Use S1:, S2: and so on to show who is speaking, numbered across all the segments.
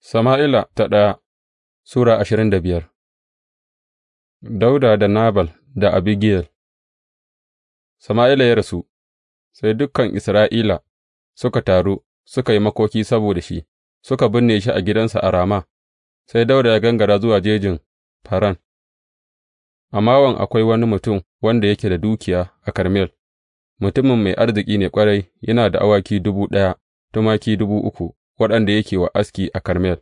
S1: Sama'ila ta ɗaya Sura ashirin da biyar Dauda da Nabal da Abigiyel Sama'ila ya rasu, sai dukan Isra'ila suka taru suka yi makoki saboda shi, suka binne shi a gidansa a Rama, sai Dauda ya gangara zuwa jejin Faran. A Mawon akwai wani mutum wanda yake da dukiya a Karmel, mutumin mai arziki ne ƙwarai, yana da awaki dubu ɗaya, tumaki dubu uku. waɗanda yake wa aski a Karmel,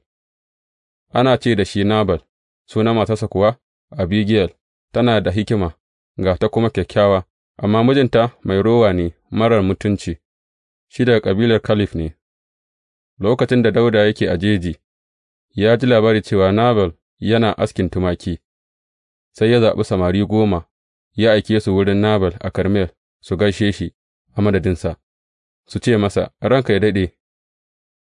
S1: ana ce da shi Nabal, suna matarsa kuwa Abigiyel, tana da hikima, ga ta kuma kyakkyawa, amma mijinta mai rowa ne marar mutunci, shi daga ƙabilar Kalif ne. Lokacin da Dauda yake a jeji, ya ji labari cewa Nabal yana askin tumaki, sai ya zaɓi samari goma ya aike su wurin Nabal a Karmel su gaishe shi a madadinsa, su ce masa, Ranka ya daɗe,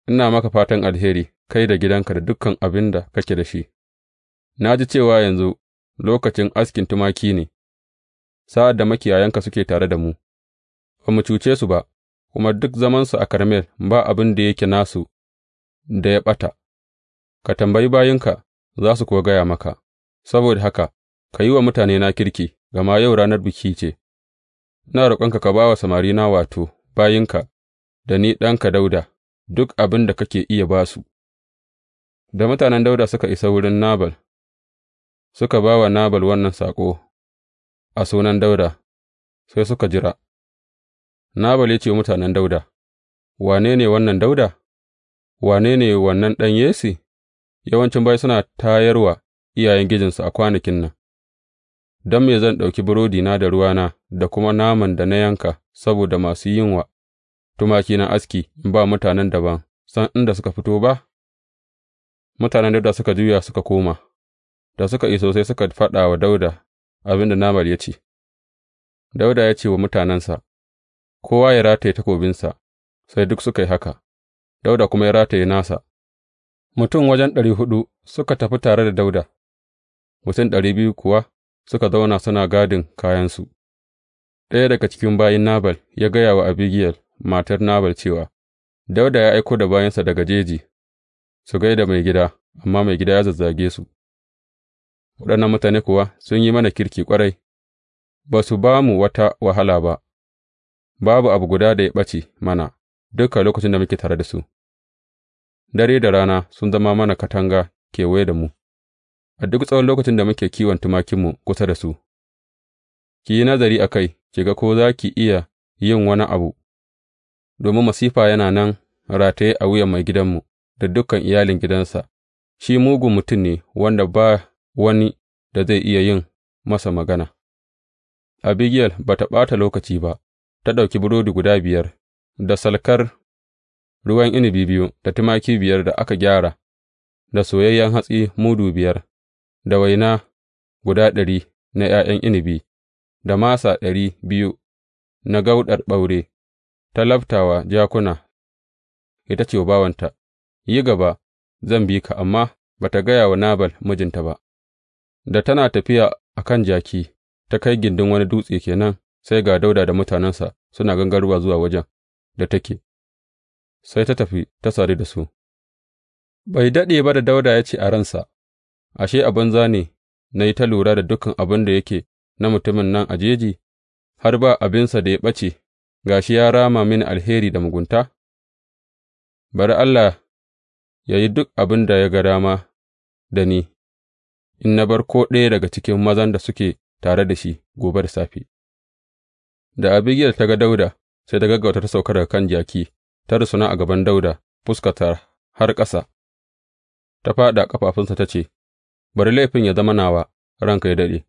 S1: ina maka fatan alheri, kai da gidanka da dukan abin da kake da shi, na ji cewa yanzu lokacin askin tumaki ne, sa'ad da makiyayanka suke tare da mu, ba mu cuce su ba, kuma duk zamansu a Karmel ba abin da yake nasu da ya ɓata, ka tambayi bayinka za su kuwa gaya maka, saboda haka ka yi wa mutane na kirki, gama yau ranar biki ce, ina roƙonka ka ba wa samari na wato bayinka da ni ɗanka Dauda. duk abin da kake iya ba su. Da mutanen Dauda suka isa wurin Nabal, suka ba wa Nabal wannan saƙo a sunan Dauda, sai suka jira. Nabal ya ce mutanen Dauda. Wane ne wannan Dawuda? Wane ne wannan ɗan Yesse? Yawancin bai suna tayarwa iyayen gijinsu a kwanakin nan, don me zan ɗauki burodina da ruwana da kuma naman da na yanka saboda masu yin tumakina aski in ba mutanen da ban san inda suka fito ba? Mutanen da suka juya suka koma, da suka iso sai suka faɗa wa Dauda abin da Nabal ya ce, Dauda ya ce wa mutanensa, Kowa ya rataye takobinsa, sai duk suka yi haka, Dauda kuma ya rataye nasa. Mutum wajen ɗari huɗu suka tafi tare da Dauda, mutum ɗari biyu kuwa suka zauna suna gadin kayansu. Ɗaya daga cikin bayin Nabal ya gaya wa Abigiyel matar Nabal cewa, Dauda ya aiko da bayansa daga jeji su gai da gida, amma mai gida ya zazzage su, waɗannan mutane kuwa sun yi mana kirki ƙwarai, ba su ba mu wata wahala ba, babu abu guda da ya ɓace mana duka lokacin da muke tare da su, dare da rana sun zama mana katanga kewaye da mu, a duk tsawon lokacin da muke kiwon tumakinmu kusa da su, ki yi nazari a kai, ki ga ko za ki iya yin wani abu domin masifa yana nan rataye a wuyan gidanmu da dukan iyalin gidansa, shi mugun mutum ne wanda ba wani da zai iya yin masa magana. Abigiyel ba ta ɓata lokaci ba, ta ɗauki burodi guda biyar, da salkar ruwan inibi biyu, da tumaki biyar da aka gyara, da soyayyen hatsi mudu biyar, da waina guda ɗari na ’ya'yan inibi da masa ɗari biyu na gauɗar ɓaure, ta labta wa jakuna, ita ce wa bawanta, Yi gaba, zan bi ka, amma ba ta gaya wa Nabal mijinta ba, da tana tafiya a kan jaki, ta kai gindin wani dutse kenan, sai ga Dauda da mutanensa suna gangarwa zuwa wajen da take, sai ta tafi ta sadu da su. Bai daɗe ba da Dauda ya ce a ransa, Ashe, abin zane na yi ta lura da dukan abin da yake na mutumin nan a jeji, har ba abinsa da ya ɓace Ga shi ya rama mini alheri da mugunta, bari Allah ya yi duk abin da ya ga rama da ni, in na bar ko ɗaya daga cikin mazan da suke tare da shi gobe da safe. Da Abigiyar ta ga Dauda, sai ta gaggauta ta sauka daga kan jaki, ta rusuna a gaban Dauda, fuskata har ƙasa, ta faɗa ƙafafunsa ta ce, Bari laifin ya zama nawa ranka ya daɗe,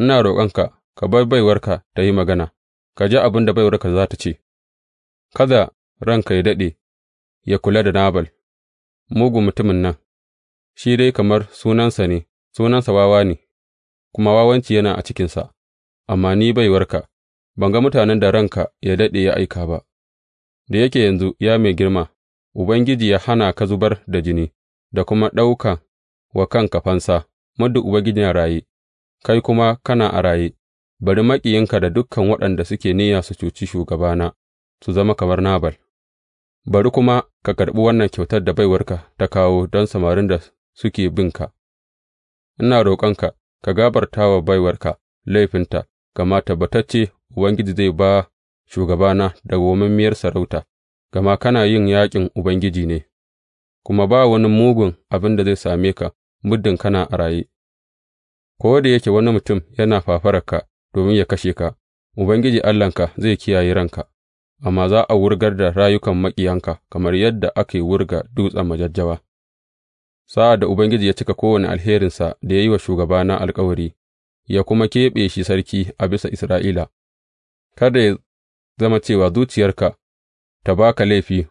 S1: ina roƙonka ka bar baiwarka ta yi magana, ka ji abin da baiwarka za ta ce, Kada ranka ya daɗe, ya kula da Nabal, Mugu mutumin nan, shi dai kamar sunansa ne, sunansa wawa ne, kuma wawanci yana a cikinsa, amma ni baiwarka, ban ga mutanen da ranka ya daɗe ya aika ba, da yake yanzu ya mai girma, Ubangiji ya hana ka zubar da jini, da kuma ɗaukan wa kanka fansa, muddin Ubangiji na raye, kai kuma kana a raye, Bari maƙiyinka da dukan waɗanda suke niyya su cuci shugabana su zama kamar Nabal, bari kuma ka karɓi wannan kyautar da baiwarka ta kawo don samarin da suke bin ka. ina roƙonka ka gabarta wa baiwarka laifinta, gama tabbatacce Ubangiji zai ba shugabana dawwammamiyar sarauta, gama kana yin yaƙin Ubangiji ne, kuma ba wani mugun abin da zai same ka muddin kana a raye, ko da yake wani mutum yana fafararka domin ya kashe ka, Ubangiji Allahnka zai kiyaye ranka, amma za a wurgar da rayukan maƙiyanka kamar yadda ake wurga dutsen majajjawa. Sa'ad da Ubangiji ya cika kowane alherinsa da ya yi wa shugabana alkawari, ya kuma keɓe shi sarki a bisa Isra'ila, kada ya zama cewa zuciyarka ta ba ka laifi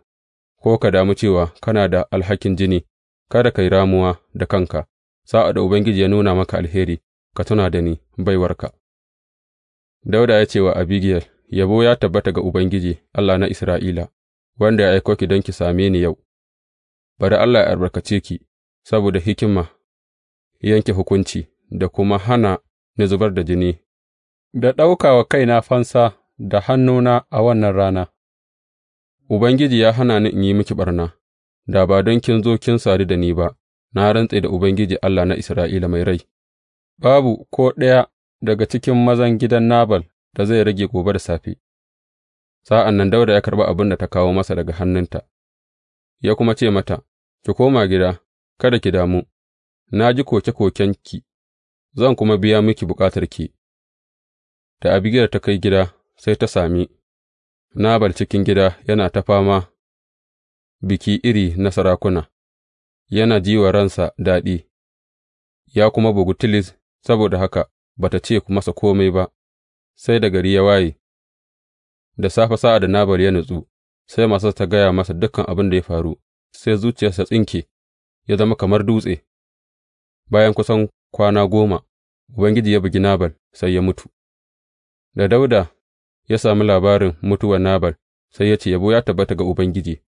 S1: ko ka damu cewa kana da alhakin jini, kada ka yi ramuwa da kanka, sa'ad da Ubangiji ya nuna maka alheri, ka tuna da ni, baiwarka. Dawuda ya ce wa Abigiyel, Yabo ya tabbata ga Ubangiji, Allah na Isra'ila, wanda ya aiko ki don ki same ni yau, bari Allah ya albarkace ki saboda hikima, yanke hukunci da kuma hana ni zubar da jini, da ɗauka wa kaina fansa da hannuna a wannan rana. Ubangiji ya hana ni in yi miki ɓarna, da ba don kin zo kin sadu da ni ba, na rantse da Ubangiji Allah na Isra'ila mai rai, babu ko ɗaya daga cikin mazan gidan Nabal da zai rage gobe da safe. Sa'an nan Dauda ya karɓi abin da ta kawo masa daga hannunta, ya kuma ce mata, Ki koma gida, kada ki damu, na ji koke-kokenki, zan kuma biya miki ki. Da Abigail ta kai gida, sai ta sami Nabal cikin gida yana ta fama biki iri na sarakuna, yana ji wa ransa daɗi, ya kuma bugu tilis saboda haka ba ta ce masa kome ba, sai da gari ya waye, da safe sa'ad da Nabal ya nutsu, sai masu ta gaya masa dukan abin da ya faru, sai zuciyarsa tsinke, ya zama kamar dutse. Bayan kusan kwana goma, Ubangiji ya bugi Nabal sai ya mutu. Da Dauda ya sami labarin mutuwar Nabal, sai ya ce, Yabo ya tabbata ga Ubangiji,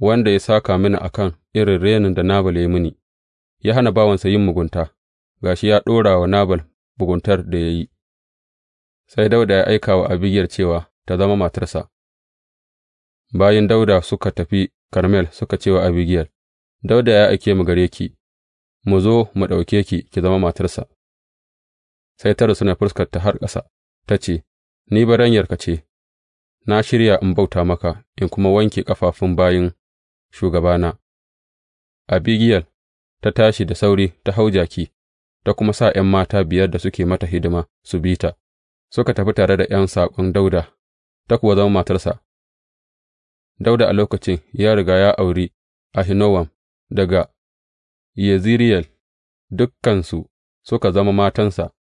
S1: wanda ya saka mini a kan irin renin da Nabal ya yi mini, ya hana bawansa yin mugunta, gashi ya ɗora wa Nabal Buguntar da ya yi, sai Dauda ya aika wa abigiyar cewa ta zama matarsa. bayan Dauda suka tafi Karmel suka cewa Abigiyar, Dauda ya aike mu gare ki, mu zo mu ɗauke ki ki zama matarsa. Sai ta fuskarta har ƙasa, ta ce, Ni baranyarka ce, na shirya in bauta maka in kuma wanke ƙafafun bayin shugabana. Abigiyar ta tashi da sauri ta hau jaki, ta kuma sa ’yan mata biyar da suke mata hidima su bi ta, suka tafi tare da ’yan saƙon Dauda, ta kuwa zama matarsa. Dauda a lokacin ya riga ya auri Ahinowam daga Yeziriyel, dukkansu suka zama matansa,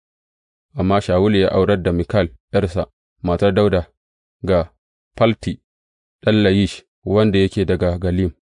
S1: amma Shawulu ya aurar da Mikal ’yarsa, matar Dauda, ga Falti ɗan Layish wanda yake daga Galim.